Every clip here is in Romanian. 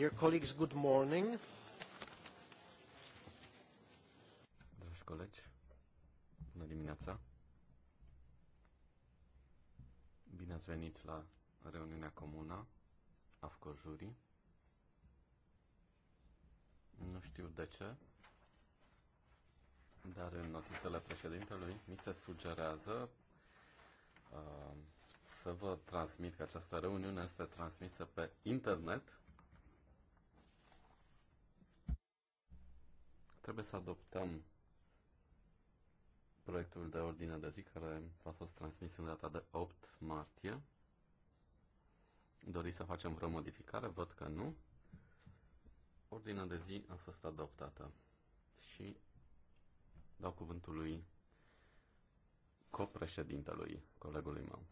Dear colleagues, good morning. Dragi colegi, bună dimineața. Bine ați venit la reuniunea comună a Jury. Nu știu de ce, dar în notițele președintelui mi se sugerează uh, să vă transmit că această reuniune este transmisă pe internet Trebuie să adoptăm proiectul de ordine de zi care a fost transmis în data de 8 martie. Doriți să facem vreo modificare? Văd că nu. Ordinea de zi a fost adoptată și dau cuvântul lui copreședintelui, colegului meu.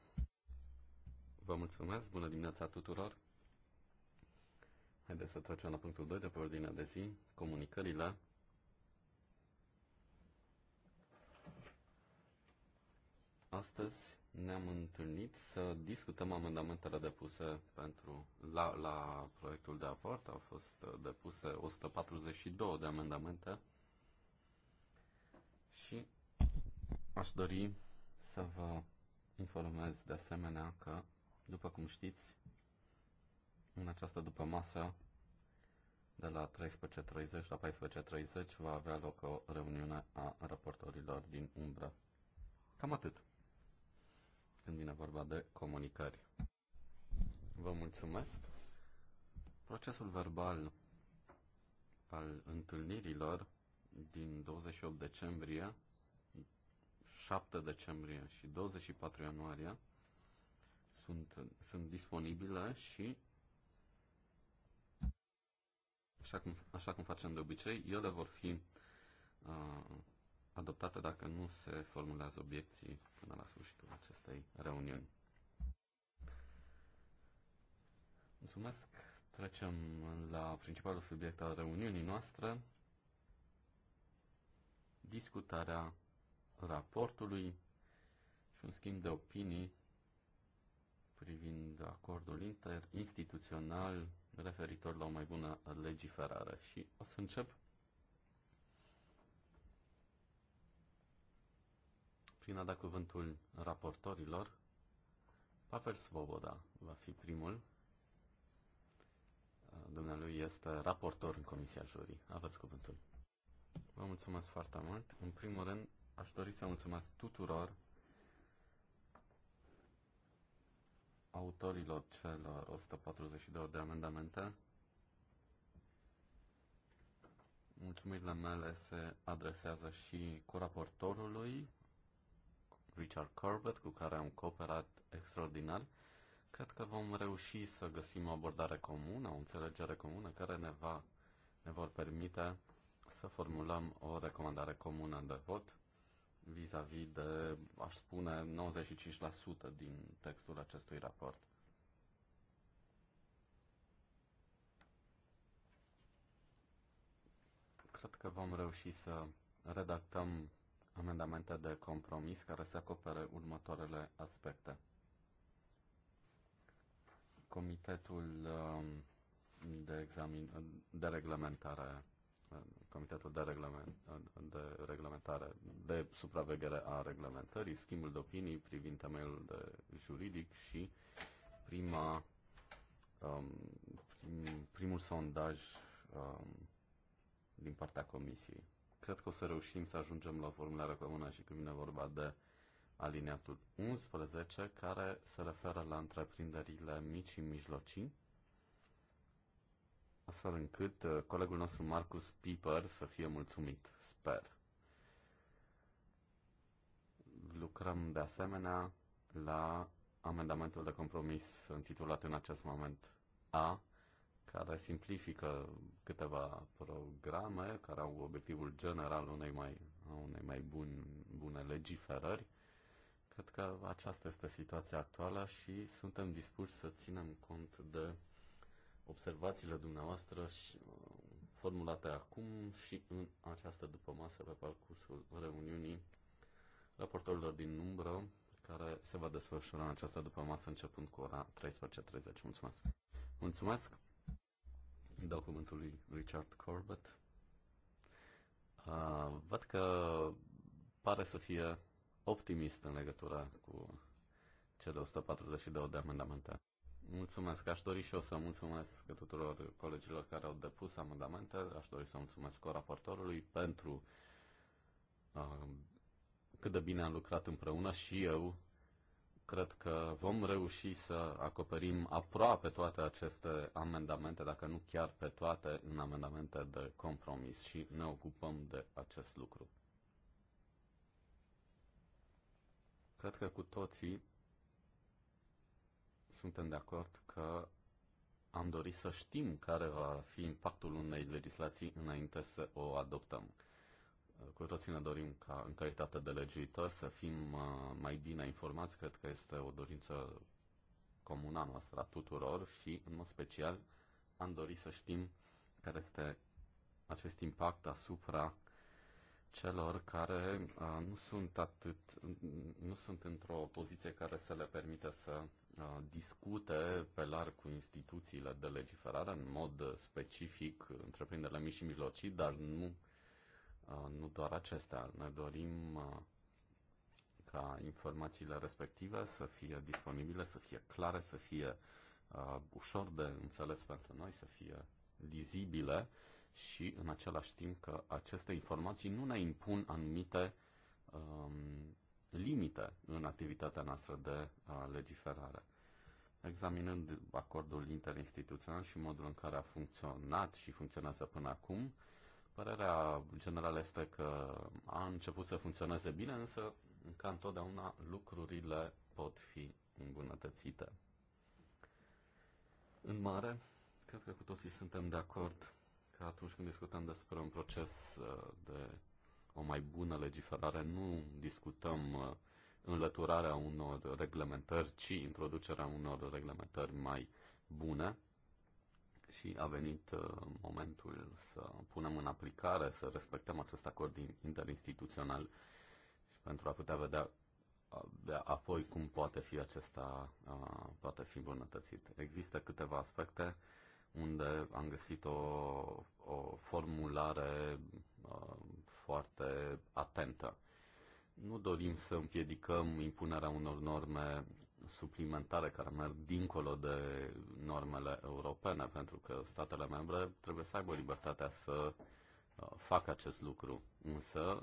Vă mulțumesc, bună dimineața tuturor! Haideți să trecem la punctul 2 de pe ordinea de zi, comunicările Astăzi ne-am întâlnit să discutăm amendamentele depuse pentru la, la proiectul de aport. Au fost uh, depuse 142 de amendamente și aș dori să vă informez de asemenea că, după cum știți, în această după masă de la 13.30 la 14.30 va avea loc o reuniune a raportorilor din umbră. Cam atât când vine vorba de comunicări. Vă mulțumesc. Procesul verbal al întâlnirilor din 28 decembrie, 7 decembrie și 24 ianuarie sunt, sunt disponibile și așa cum, așa cum facem de obicei, ele vor fi uh, adoptată dacă nu se formulează obiecții până la sfârșitul acestei reuniuni. Mulțumesc. Trecem la principalul subiect al reuniunii noastre, discutarea raportului și un schimb de opinii privind acordul interinstituțional referitor la o mai bună legiferare. Și o să încep prin a da cuvântul raportorilor. Pavel Svoboda va fi primul. Dumnealui este raportor în Comisia Jurii. Aveți cuvântul. Vă mulțumesc foarte mult. În primul rând, aș dori să mulțumesc tuturor autorilor celor 142 de amendamente. Mulțumirile mele se adresează și cu raportorului, Richard Corbett, cu care am cooperat extraordinar, cred că vom reuși să găsim o abordare comună, o înțelegere comună care ne, va, ne vor permite să formulăm o recomandare comună de vot vis-a-vis -vis de, aș spune, 95% din textul acestui raport. Cred că vom reuși să redactăm amendamente de compromis care să acopere următoarele aspecte. Comitetul um, de, examin, de reglementare Comitetul de, reglement, de reglementare, de supraveghere a reglementării, schimbul de opinii privind temeiul de juridic și prima, um, prim, primul sondaj um, din partea Comisiei cred că o să reușim să ajungem la formularea comună și când vine vorba de aliniatul 11, care se referă la întreprinderile mici și mijlocii, astfel încât uh, colegul nostru Marcus Piper să fie mulțumit, sper. Lucrăm de asemenea la amendamentul de compromis intitulat în acest moment A, care simplifică câteva programe care au obiectivul general unei mai, unei mai bun, bune legiferări. Cred că aceasta este situația actuală și suntem dispuși să ținem cont de observațiile dumneavoastră și, uh, formulate acum și în această după masă pe parcursul reuniunii raportorilor din umbră care se va desfășura în această după masă începând cu ora 13.30. Mulțumesc! Mulțumesc! dau lui Richard Corbett. Uh, văd că pare să fie optimist în legătură cu cele 142 de amendamente. Mulțumesc. Aș dori și eu să mulțumesc tuturor colegilor care au depus amendamente. Aș dori să mulțumesc co-raportorului pentru uh, cât de bine am lucrat împreună și eu cred că vom reuși să acoperim aproape toate aceste amendamente, dacă nu chiar pe toate, în amendamente de compromis și ne ocupăm de acest lucru. Cred că cu toții suntem de acord că am dorit să știm care va fi impactul unei legislații înainte să o adoptăm cu toții ne dorim ca în calitate de legiuitor să fim uh, mai bine informați. Cred că este o dorință comună a noastră a tuturor și, în mod special, am dorit să știm care este acest impact asupra celor care uh, nu sunt atât, nu sunt într-o poziție care să le permită să uh, discute pe larg cu instituțiile de legiferare, în mod specific întreprinderile mici și mijlocii, dar nu Uh, nu doar acestea. Ne dorim uh, ca informațiile respective să fie disponibile, să fie clare, să fie uh, ușor de înțeles pentru noi, să fie lizibile și în același timp că aceste informații nu ne impun anumite um, limite în activitatea noastră de uh, legiferare. Examinând acordul interinstituțional și modul în care a funcționat și funcționează până acum, uh, Părerea generală este că a început să funcționeze bine, însă, ca întotdeauna, lucrurile pot fi îmbunătățite. În mare, cred că cu toții suntem de acord că atunci când discutăm despre un proces uh, de o mai bună legiferare, nu discutăm uh, înlăturarea unor reglementări, ci introducerea unor reglementări mai bune și a venit uh, momentul să punem în aplicare, să respectăm acest acord interinstituțional și pentru a putea vedea apoi cum poate fi acesta, uh, poate fi îmbunătățit. Există câteva aspecte unde am găsit o, o formulare uh, foarte atentă. Nu dorim să împiedicăm impunerea unor norme suplimentare care merg dincolo de normele europene, pentru că statele membre trebuie să aibă libertatea să uh, facă acest lucru. Însă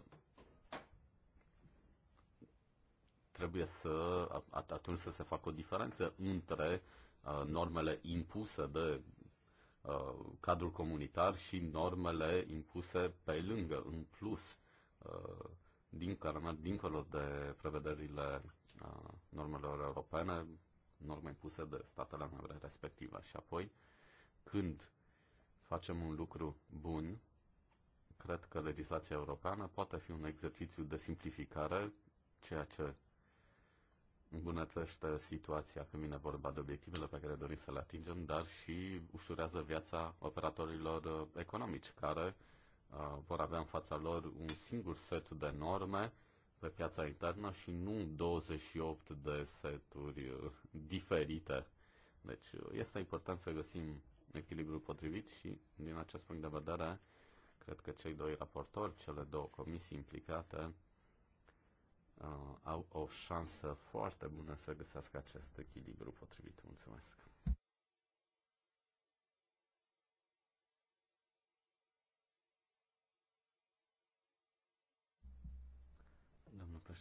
trebuie să atunci să se facă o diferență între uh, normele impuse de uh, cadrul comunitar și normele impuse pe lângă, în plus, din care merg dincolo de prevederile normelor europene, norme impuse de statele membre respective. Și apoi, când facem un lucru bun, cred că legislația europeană poate fi un exercițiu de simplificare, ceea ce îmbunătățește situația când vine vorba de obiectivele pe care dorim să le atingem, dar și ușurează viața operatorilor economici, care uh, vor avea în fața lor un singur set de norme pe piața internă și nu 28 de seturi uh, diferite. Deci uh, este important să găsim echilibrul potrivit și din acest punct de vedere cred că cei doi raportori, cele două comisii implicate uh, au o șansă foarte bună să găsească acest echilibru potrivit. Mulțumesc!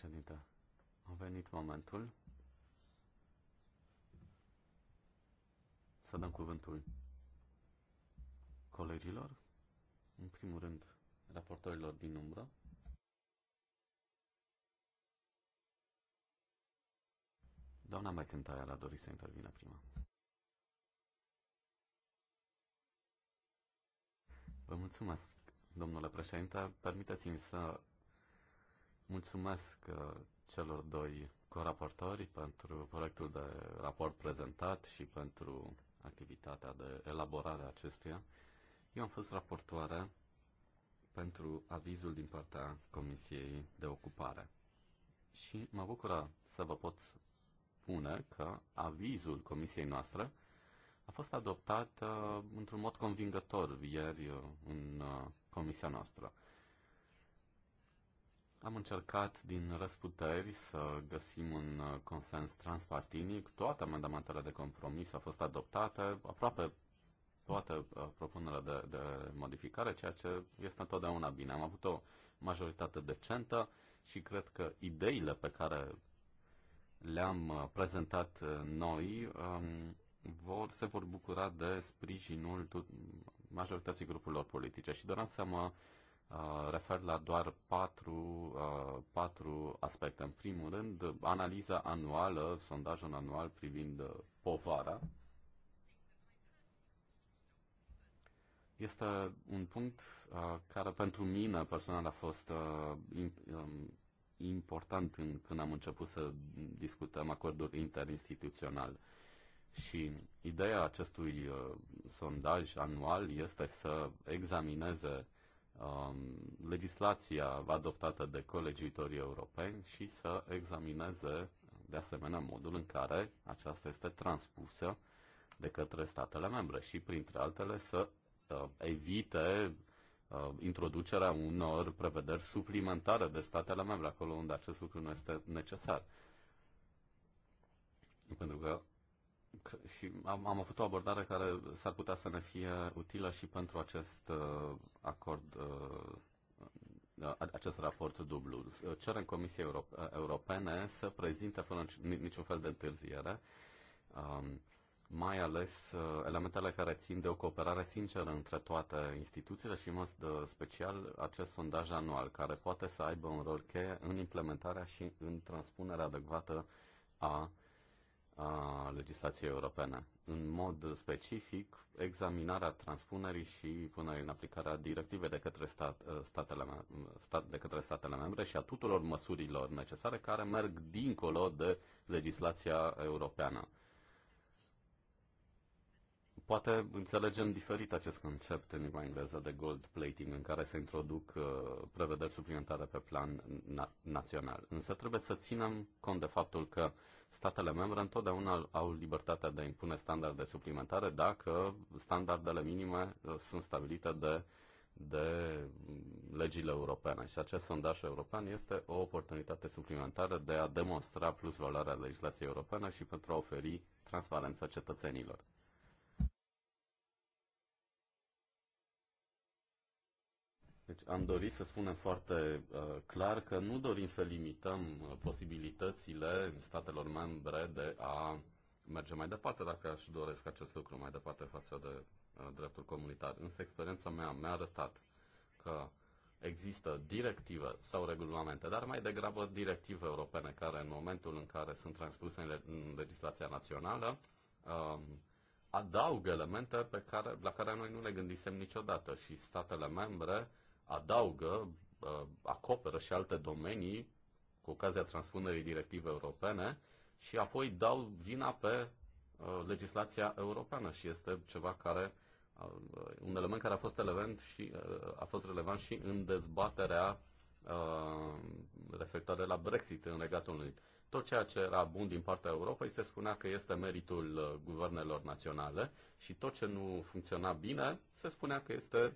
președinte. A venit momentul să dăm cuvântul colegilor, în primul rând raportorilor din umbră. Doamna McIntyre a dorit să intervină prima. Vă mulțumesc, domnule președinte. Permiteți-mi să Mulțumesc uh, celor doi coraportori pentru proiectul de raport prezentat și pentru activitatea de elaborare a acestuia. Eu am fost raportoare pentru avizul din partea Comisiei de Ocupare și mă bucură să vă pot spune că avizul Comisiei noastre a fost adoptat uh, într-un mod convingător ieri uh, în uh, Comisia noastră. Am încercat din răsputeri să găsim un consens transpartinic. Toate amendamentele de compromis au fost adoptate, aproape toate uh, propunerile de, de modificare, ceea ce este întotdeauna bine. Am avut o majoritate decentă și cred că ideile pe care le-am uh, prezentat uh, noi um, vor, se vor bucura de sprijinul majorității grupurilor politice și doream să mă Uh, refer la doar patru, uh, patru aspecte. În primul rând, analiza anuală, sondajul anual privind uh, povara. Este un punct care pentru mine personal a fost um, important când am început să discutăm acordul interinstituționale. Și ideea acestui sondaj anual este să examineze um, legislația adoptată de colegiuitorii europeni și să examineze de asemenea modul în care aceasta este transpusă de către statele membre și, printre altele, să uh, evite uh, introducerea unor prevederi suplimentare de statele membre acolo unde acest lucru nu este necesar. Pentru că și am, am avut o abordare care s-ar putea să ne fie utilă și pentru acest uh, acord, uh, acest raport dublu. Cerem Comisiei Euro- Europene să prezinte fără niciun fel de întârziere, um, mai ales uh, elementele care țin de o cooperare sinceră între toate instituțiile și, în mod uh, special, acest sondaj anual, care poate să aibă un rol cheie în implementarea și în transpunerea adecvată a uh, a legislației europene. În mod specific, examinarea transpunerii și până în aplicarea directivei de către, stat, ă, statele, stat, de către statele membre și a tuturor măsurilor necesare care merg dincolo de legislația europeană. Poate înțelegem diferit acest concept în limba engleză de gold plating, în care se introduc uh, prevederi suplimentare pe plan na- național. Însă trebuie să ținem cont de faptul că uh, statele membre întotdeauna au libertatea de a impune standarde suplimentare dacă standardele minime uh, sunt stabilite de, de legile europene. Și acest sondaj european este o oportunitate suplimentară de a demonstra plus valoarea legislației europene și pentru a oferi transparență cetățenilor. Deci am dorit să spunem foarte uh, clar că nu dorim să limităm uh, posibilitățile statelor membre de a merge mai departe, dacă aș doresc acest lucru mai departe față de uh, dreptul comunitar. Însă experiența mea mi-a arătat că există directive sau regulamente, dar mai degrabă directive europene care în momentul în care sunt transpuse în, le- în legislația națională um, adaugă elemente pe care, la care noi nu le gândisem niciodată și statele membre adaugă, uh, acoperă și alte domenii cu ocazia transpunerii directive europene și apoi dau vina pe uh, legislația europeană și este ceva care uh, un element care a fost relevant și a fost relevant și în dezbaterea referitoare la Brexit în Regatul Unit. Tot ceea ce era bun din partea Europei se spunea că este meritul guvernelor naționale și tot ce nu funcționa bine se spunea că este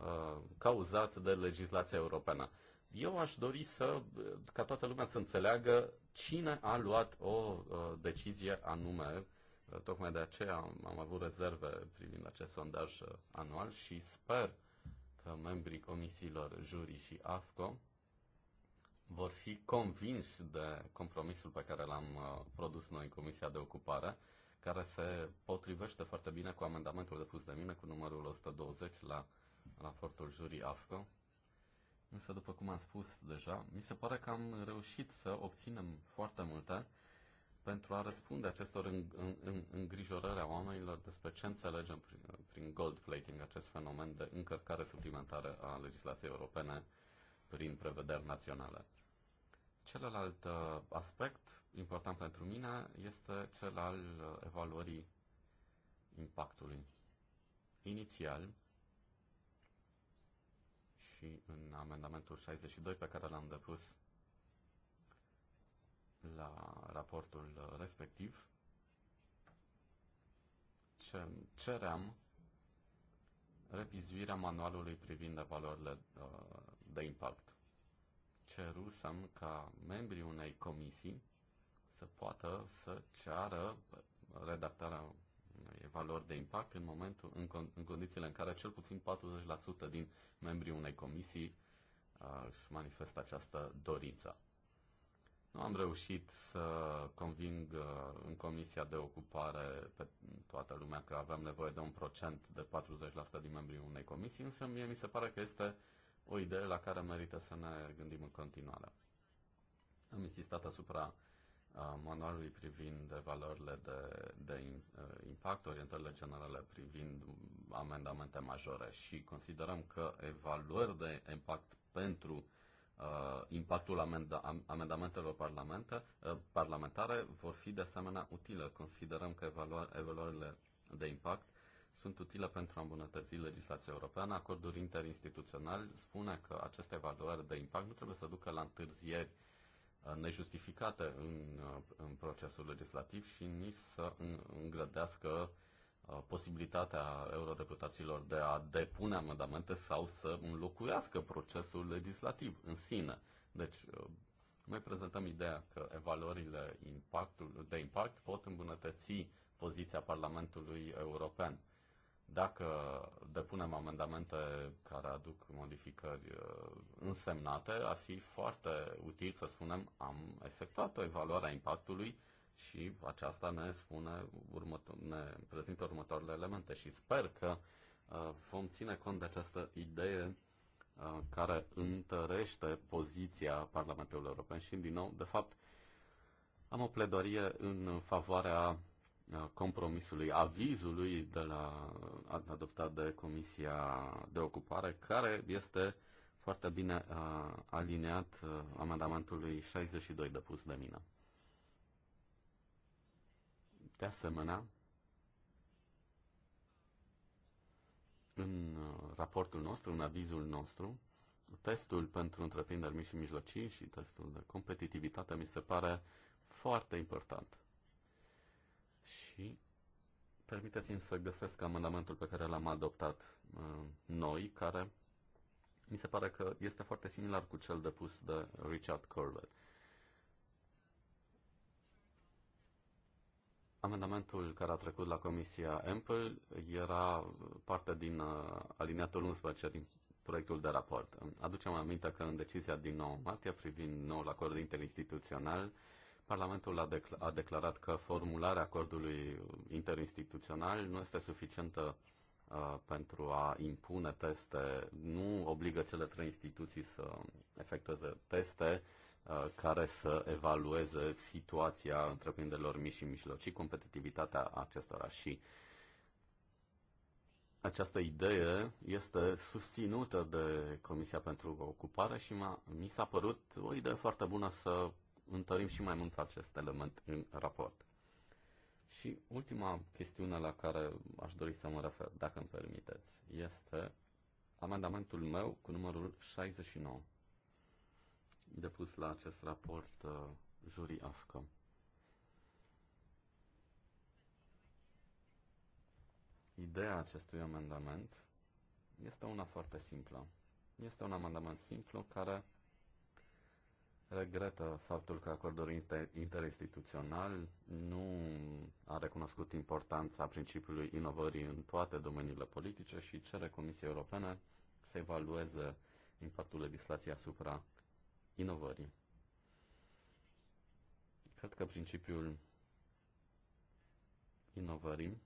Uh, cauzat de legislația europeană. Eu aș dori să, uh, ca toată lumea să înțeleagă cine a luat o uh, decizie anume. tocmai de aceea am, avut rezerve privind acest sondaj anual și sper că membrii comisiilor juri și AFCO vor fi convinși de compromisul pe care l-am produs noi în Comisia de Ocupare, care se potrivește foarte bine cu amendamentul depus de mine cu numărul 120 la raportul jurii AFCO, însă, după cum am spus deja, mi se pare că am reușit să obținem foarte multe pentru a răspunde acestor în, în, în, îngrijorări a oamenilor despre ce înțelegem prin, prin gold plating, acest fenomen de încărcare suplimentară a legislației europene prin prevederi naționale. Celălalt uh, aspect important pentru mine este cel al uh, evaluării impactului. Inițial, și în amendamentul 62 pe care l-am depus la raportul respectiv. Ce ceream revizuirea manualului privind valorile uh, de impact. Cerusem ca membrii unei comisii să poată să ceară redactarea evaluări de impact în, momentul, în, con, în condițiile în care cel puțin 40% din membrii unei comisii uh, își manifestă această dorință. Nu am reușit să conving uh, în Comisia de Ocupare pe toată lumea că avem nevoie de un procent de 40% din membrii unei comisii, însă mie mi se pare că este o idee la care merită să ne gândim în continuare. Am insistat asupra manualului privind valorile de, de impact, orientările generale privind amendamente majore și considerăm că evaluări de impact pentru uh, impactul amenda, amendamentelor parlamente, uh, parlamentare vor fi de asemenea utile. Considerăm că evaluările de impact sunt utile pentru a îmbunătăți legislația europeană. Acordul interinstituțional spune că aceste evaluări de impact nu trebuie să ducă la întârzieri uh, Uh, nejustificate în, uh, în procesul legislativ și nici să îngrădească uh, posibilitatea eurodeputaților de a depune amendamente sau să înlocuiască procesul legislativ în sine. Deci, noi prezentăm ideea că evaluările impactul, de impact pot îmbunătăți poziția Parlamentului European. Dacă depunem amendamente care aduc modificări uh, însemnate, ar fi foarte util să spunem am efectuat o evaluare a impactului și aceasta ne spune următo- ne prezintă următoarele elemente și sper că uh, vom ține cont de această idee uh, care întărește poziția Parlamentului European și, din nou, de fapt, am o pledoarie în favoarea compromisului, avizului de la, adoptat de Comisia de Ocupare, care este foarte bine uh, aliniat uh, amendamentului 62 depus de mine. De asemenea, în raportul nostru, în avizul nostru, testul pentru întreprinderi mici și mijlocii și testul de competitivitate mi se pare foarte important și permiteți-mi să găsesc amendamentul pe care l-am adoptat uh, noi, care mi se pare că este foarte similar cu cel depus de Richard Corbett. Amendamentul care a trecut la Comisia Ample era parte din uh, aliniatul 11 din proiectul de raport. Aducem aminte că în decizia din 9 martie privind noul acord interinstituțional, uh, Parlamentul a, decl- a declarat că formularea acordului interinstituțional nu este suficientă uh, pentru a impune teste, nu obligă cele trei instituții să efectueze teste uh, care să evalueze situația întreprinderilor mici și mijlocii, competitivitatea acestora și această idee este susținută de Comisia pentru Ocupare și mi s-a părut o idee foarte bună să întărim și mai mult acest element în raport. Și ultima chestiune la care aș dori să mă refer, dacă îmi permiteți, este amendamentul meu cu numărul 69, depus la acest raport uh, jurii AFCA. Ideea acestui amendament este una foarte simplă. Este un amendament simplu care regretă faptul că acordul interinstituțional nu a recunoscut importanța principiului inovării în toate domeniile politice și cere Comisiei Europene să evalueze impactul legislației asupra inovării. Cred că principiul inovării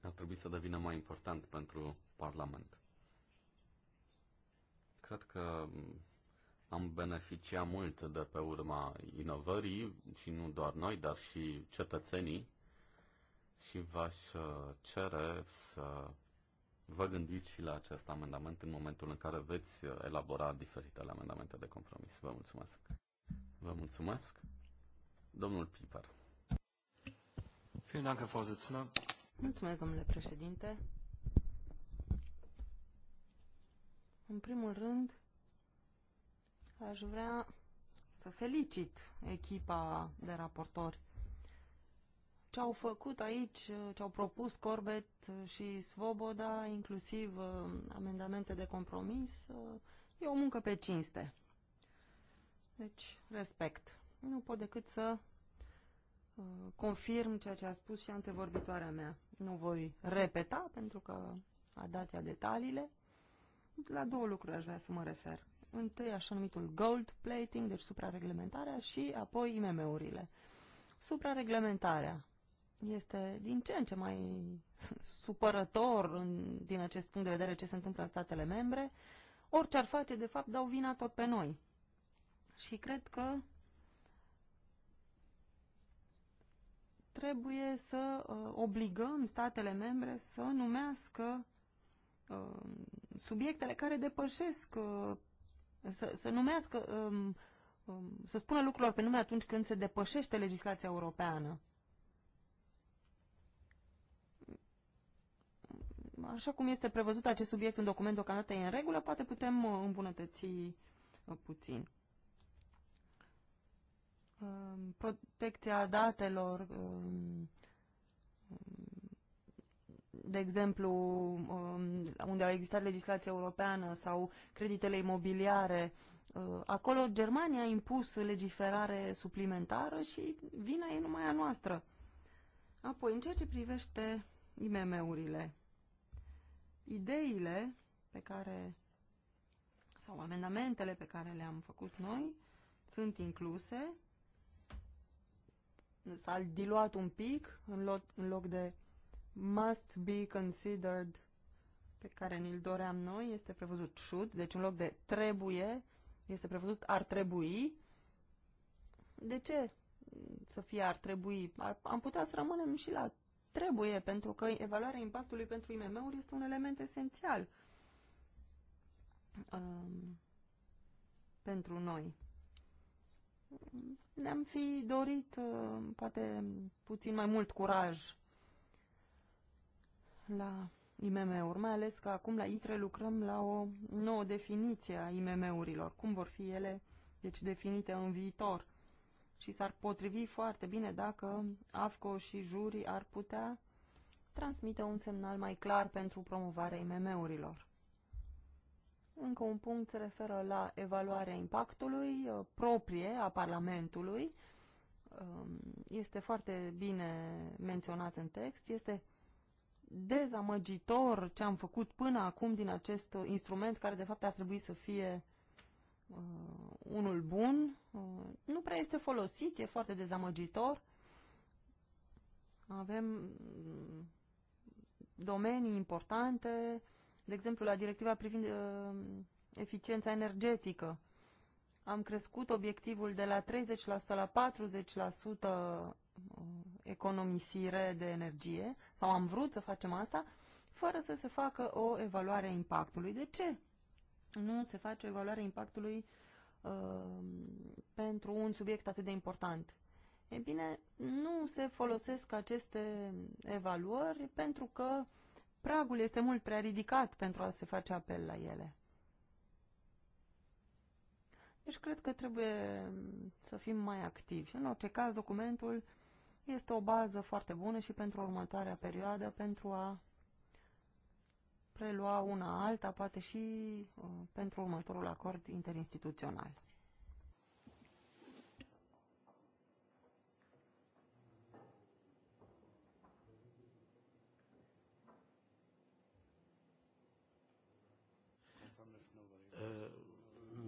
ar trebui să devină mai important pentru Parlament cred că am beneficiat mult de pe urma inovării și nu doar noi, dar și cetățenii și v-aș uh, cere să vă gândiți și la acest amendament în momentul în care veți uh, elabora diferitele amendamente de compromis. Vă mulțumesc. Vă mulțumesc. Domnul Piper. Mulțumesc, domnule președinte. În primul rând, aș vrea să felicit echipa de raportori. Ce au făcut aici, ce au propus Corbet și Svoboda, inclusiv uh, amendamente de compromis, uh, e o muncă pe cinste. Deci, respect. Nu pot decât să uh, confirm ceea ce a spus și antevorbitoarea mea. Nu voi repeta, pentru că a dat ea detaliile. La două lucruri aș vrea să mă refer. Întâi așa numitul gold plating, deci suprareglementarea, și apoi IMM-urile. Suprareglementarea este din ce în ce mai supărător în, din acest punct de vedere ce se întâmplă în statele membre. Orice ar face, de fapt, dau vina tot pe noi. Și cred că trebuie să uh, obligăm statele membre să numească uh, subiectele care depășesc, uh, să, să numească, um, um, să spună lucrurilor pe nume atunci când se depășește legislația europeană. Așa cum este prevăzut acest subiect în document deocamdată e în regulă, poate putem uh, îmbunătăți uh, puțin um, protecția datelor, de exemplu, um, unde a existat legislație europeană sau creditele imobiliare, uh, acolo Germania a impus legiferare suplimentară și vina e numai a noastră. Apoi, în ceea ce privește IMM-urile, ideile pe care sau amendamentele pe care le-am făcut noi sunt incluse s-a diluat un pic în loc, în loc de must be considered pe care ni-l doream noi este prevăzut should, deci în loc de trebuie, este prevăzut ar trebui. De ce să fie ar trebui? Ar, am putea să rămânem și la trebuie, pentru că evaluarea impactului pentru IMM-uri este un element esențial um, pentru noi. Ne-am fi dorit uh, poate puțin mai mult curaj la IMM-uri, mai ales că acum la ITRE lucrăm la o nouă definiție a IMM-urilor, cum vor fi ele deci definite în viitor. Și s-ar potrivi foarte bine dacă AFCO și juri ar putea transmite un semnal mai clar pentru promovarea IMM-urilor. Încă un punct se referă la evaluarea impactului uh, proprie a Parlamentului. Um, este foarte bine menționat în text. Este dezamăgitor ce am făcut până acum din acest uh, instrument, care de fapt ar trebui să fie uh, unul bun. Uh, nu prea este folosit, e foarte dezamăgitor. Avem mm, domenii importante, de exemplu, la directiva privind uh, eficiența energetică. Am crescut obiectivul de la 30% la 40% economisire de energie, sau am vrut să facem asta, fără să se facă o evaluare a impactului. De ce nu se face o evaluare a impactului uh, pentru un subiect atât de important? E bine, nu se folosesc aceste evaluări pentru că pragul este mult prea ridicat pentru a se face apel la ele. Deci cred că trebuie să fim mai activi. În orice caz, documentul este o bază foarte bună și pentru următoarea perioadă, pentru a prelua una alta, poate și uh, pentru următorul acord interinstituțional. Uh,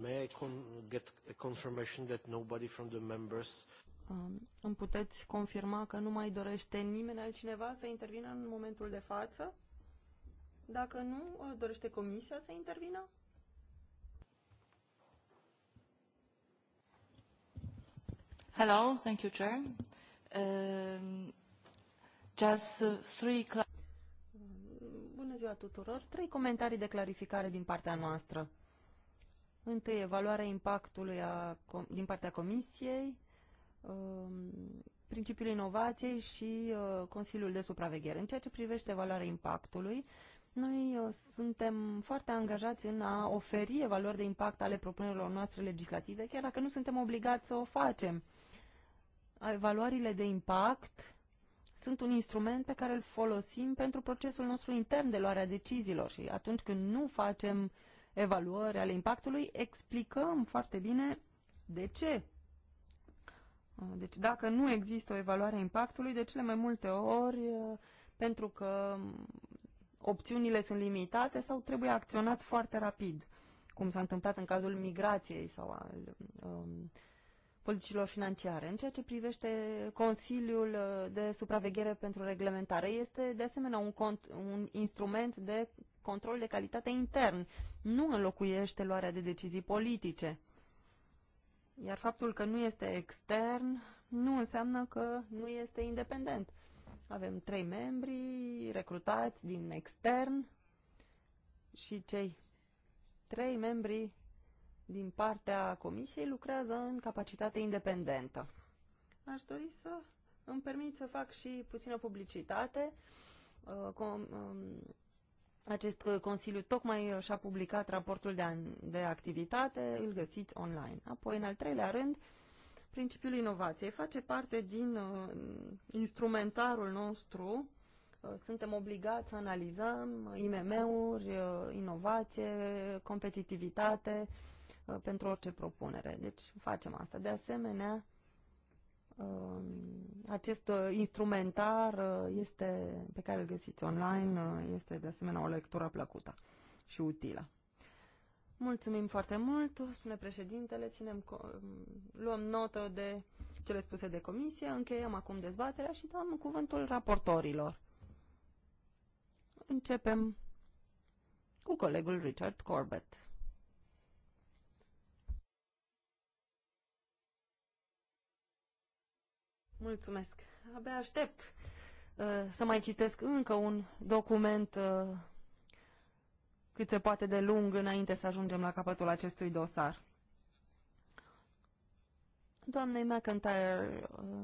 may I con get a confirmation that nobody from the members Um, îmi puteți confirma că nu mai dorește nimeni altcineva să intervină în momentul de față? Dacă nu, uh, dorește comisia să intervină? Hello, thank you, Chair. Um, uh, just three Bună ziua tuturor. Trei comentarii de clarificare din partea noastră. Întâi, evaluarea impactului a, din partea Comisiei, Um, principiul inovației și uh, Consiliul de Supraveghere. În ceea ce privește valoarea impactului, noi uh, suntem foarte angajați în a oferi valori de impact ale propunerilor noastre legislative, chiar dacă nu suntem obligați să o facem. Evaluările de impact sunt un instrument pe care îl folosim pentru procesul nostru intern de luare a deciziilor și atunci când nu facem evaluări ale impactului, explicăm foarte bine de ce Uh, deci dacă nu există o evaluare a impactului, de cele mai multe ori, uh, pentru că um, opțiunile sunt limitate sau trebuie acționat foarte rapid, cum s-a întâmplat în cazul migrației sau al um, politicilor financiare. În ceea ce privește Consiliul uh, de Supraveghere pentru Reglementare, este de asemenea un, cont, un instrument de control de calitate intern. Nu înlocuiește luarea de decizii politice. Iar faptul că nu este extern nu înseamnă că nu este independent. Avem trei membri recrutați din extern și cei trei membri din partea comisiei lucrează în capacitate independentă. Aș dori să îmi permit să fac și puțină publicitate. Uh, com um, acest uh, Consiliu tocmai uh, și-a publicat raportul de, an, de activitate, îl găsiți online. Apoi, în al treilea rând, principiul inovației face parte din uh, instrumentarul nostru. Uh, suntem obligați să analizăm IMM-uri, uh, inovație, competitivitate uh, pentru orice propunere. Deci facem asta. De asemenea, Um, acest uh, instrumentar uh, este, pe care îl găsiți online uh, este de asemenea o lectură plăcută și utilă. Mulțumim foarte mult, spune președintele, ținem, um, luăm notă de cele spuse de comisie, încheiem acum dezbaterea și dăm cuvântul raportorilor. Începem cu colegul Richard Corbett. Mulțumesc. Abia aștept uh, să mai citesc încă un document uh, cât se poate de lung înainte să ajungem la capătul acestui dosar. Doamnei McIntyre, uh,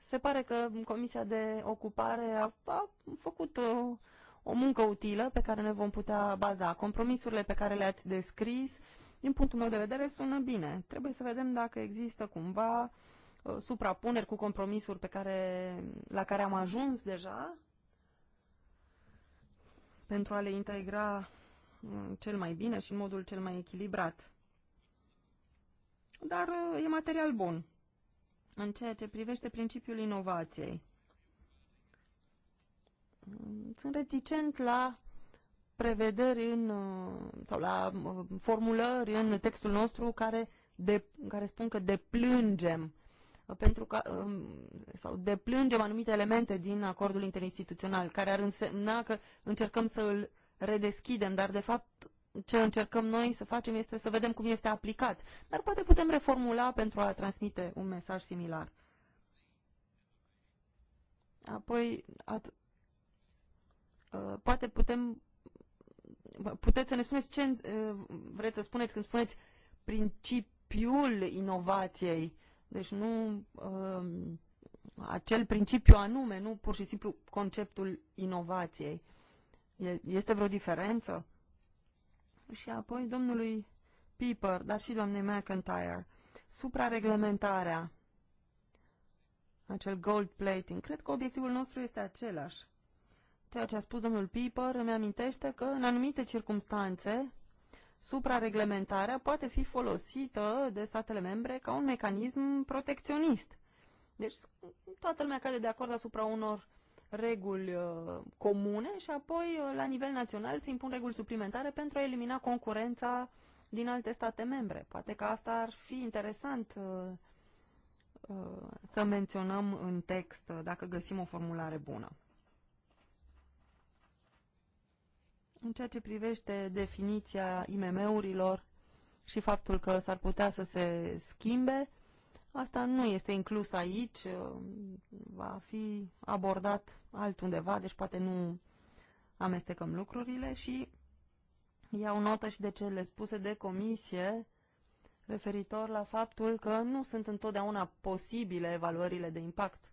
se pare că Comisia de Ocupare a, a făcut o, uh, o muncă utilă pe care ne vom putea baza. Compromisurile pe care le-ați descris, din punctul meu de vedere, sună bine. Trebuie să vedem dacă există cumva uh, Uh, suprapuneri cu compromisuri pe care, la care am ajuns deja pentru a le integra uh, cel mai bine și în modul cel mai echilibrat. Dar uh, e material bun în ceea ce privește principiul inovației. Mm, sunt reticent la prevederi în, sau la formulări în textul nostru care, de, care spun că deplângem pentru că, um, sau deplângem anumite elemente din acordul interinstituțional, care ar însemna că încercăm să îl redeschidem, dar de fapt ce încercăm noi să facem este să vedem cum este aplicat. Dar poate putem reformula pentru a transmite un mesaj similar. Apoi, at, uh, poate putem puteți să ne spuneți ce uh, vreți să spuneți când spuneți principiul inovației. Deci nu uh, acel principiu anume, nu pur și simplu conceptul inovației. Este vreo diferență? Și apoi domnului Piper, dar și doamnei McIntyre, suprareglementarea, acel gold plating, cred că obiectivul nostru este același. Ceea ce a spus domnul Piper îmi amintește că în anumite circunstanțe Suprareglementarea poate fi folosită de statele membre ca un mecanism protecționist. Deci toată lumea cade de acord asupra unor reguli uh, comune și apoi uh, la nivel național se impun reguli suplimentare pentru a elimina concurența din alte state membre. Poate că asta ar fi interesant uh, uh să menționăm în text uh, dacă găsim o formulare bună. În ceea ce privește definiția IMM-urilor și faptul că s-ar putea să se schimbe, asta nu este inclus aici, va fi abordat altundeva, deci poate nu amestecăm lucrurile și iau notă și de cele spuse de comisie referitor la faptul că nu sunt întotdeauna posibile evaluările de impact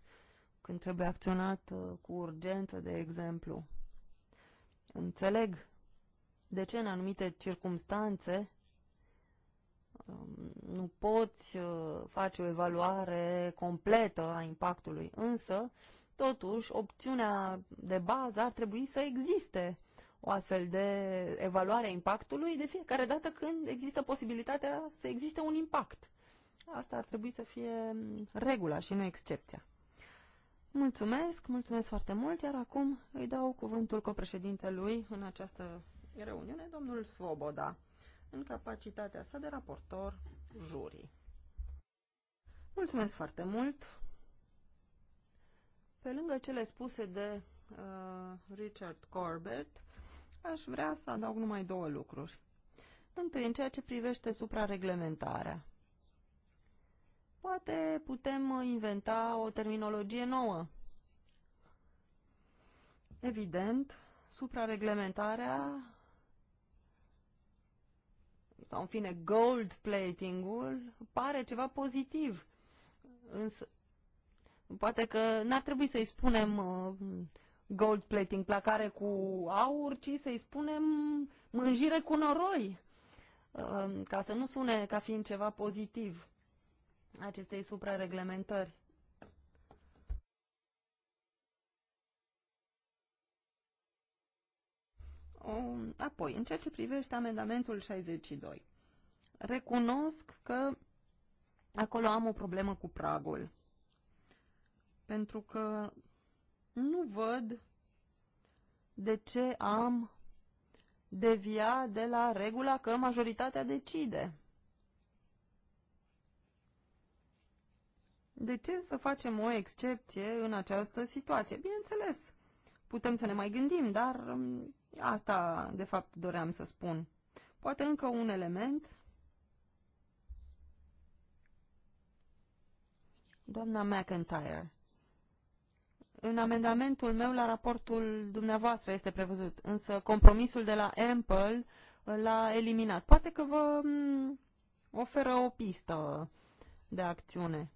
când trebuie acționat uh, cu urgență, de exemplu. Înțeleg de ce în anumite circumstanțe um, nu poți uh, face o evaluare completă a impactului, însă, totuși, opțiunea de bază ar trebui să existe o astfel de evaluare a impactului de fiecare dată când există posibilitatea să existe un impact. Asta ar trebui să fie um, regula și nu excepția. Mulțumesc, mulțumesc foarte mult, iar acum îi dau cuvântul copreședintelui în această reuniune, domnul Svoboda, în capacitatea sa de raportor jurii. Mulțumesc foarte mult! Pe lângă cele spuse de uh, Richard Corbett, aș vrea să adaug numai două lucruri. Întâi, în ceea ce privește suprareglementarea. Poate putem uh, inventa o terminologie nouă. Evident, suprareglementarea sau în fine gold plating-ul pare ceva pozitiv. Însă poate că n-ar trebui să-i spunem uh, gold plating, placare cu aur, ci să-i spunem mânjire cu noroi, uh, ca să nu sune ca fiind ceva pozitiv acestei suprareglementări. Apoi, în ceea ce privește amendamentul 62, recunosc că acolo am o problemă cu pragul. Pentru că nu văd de ce am deviat de la regula că majoritatea decide. De ce să facem o excepție în această situație? Bineînțeles, putem să ne mai gândim, dar mm, asta de fapt doream să spun. Poate încă un element. Doamna McIntyre, în amendamentul meu la raportul dumneavoastră este prevăzut, însă compromisul de la Ample l-a eliminat. Poate că vă mm, oferă o pistă de acțiune.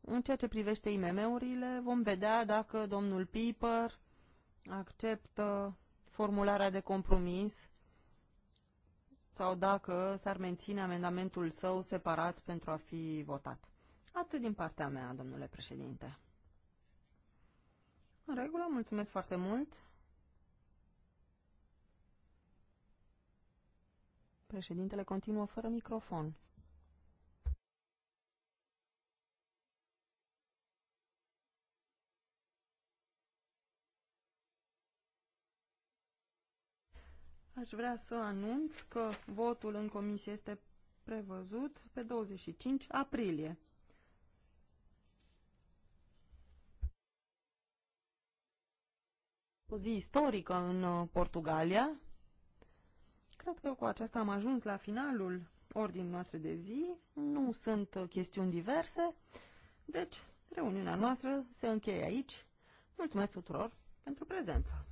În ceea ce privește IMM-urile, vom vedea dacă domnul Piper acceptă formularea de compromis sau dacă s-ar menține amendamentul său separat pentru a fi votat. Atât din partea mea, domnule președinte. În regulă, mulțumesc foarte mult. Președintele continuă fără microfon. Aș vrea să anunț că votul în comisie este prevăzut pe 25 aprilie. O zi istorică în uh, Portugalia. Cred că cu aceasta am ajuns la finalul ordinii noastre de zi. Nu sunt uh, chestiuni diverse, deci reuniunea noastră se încheie aici. Mulțumesc tuturor pentru prezență!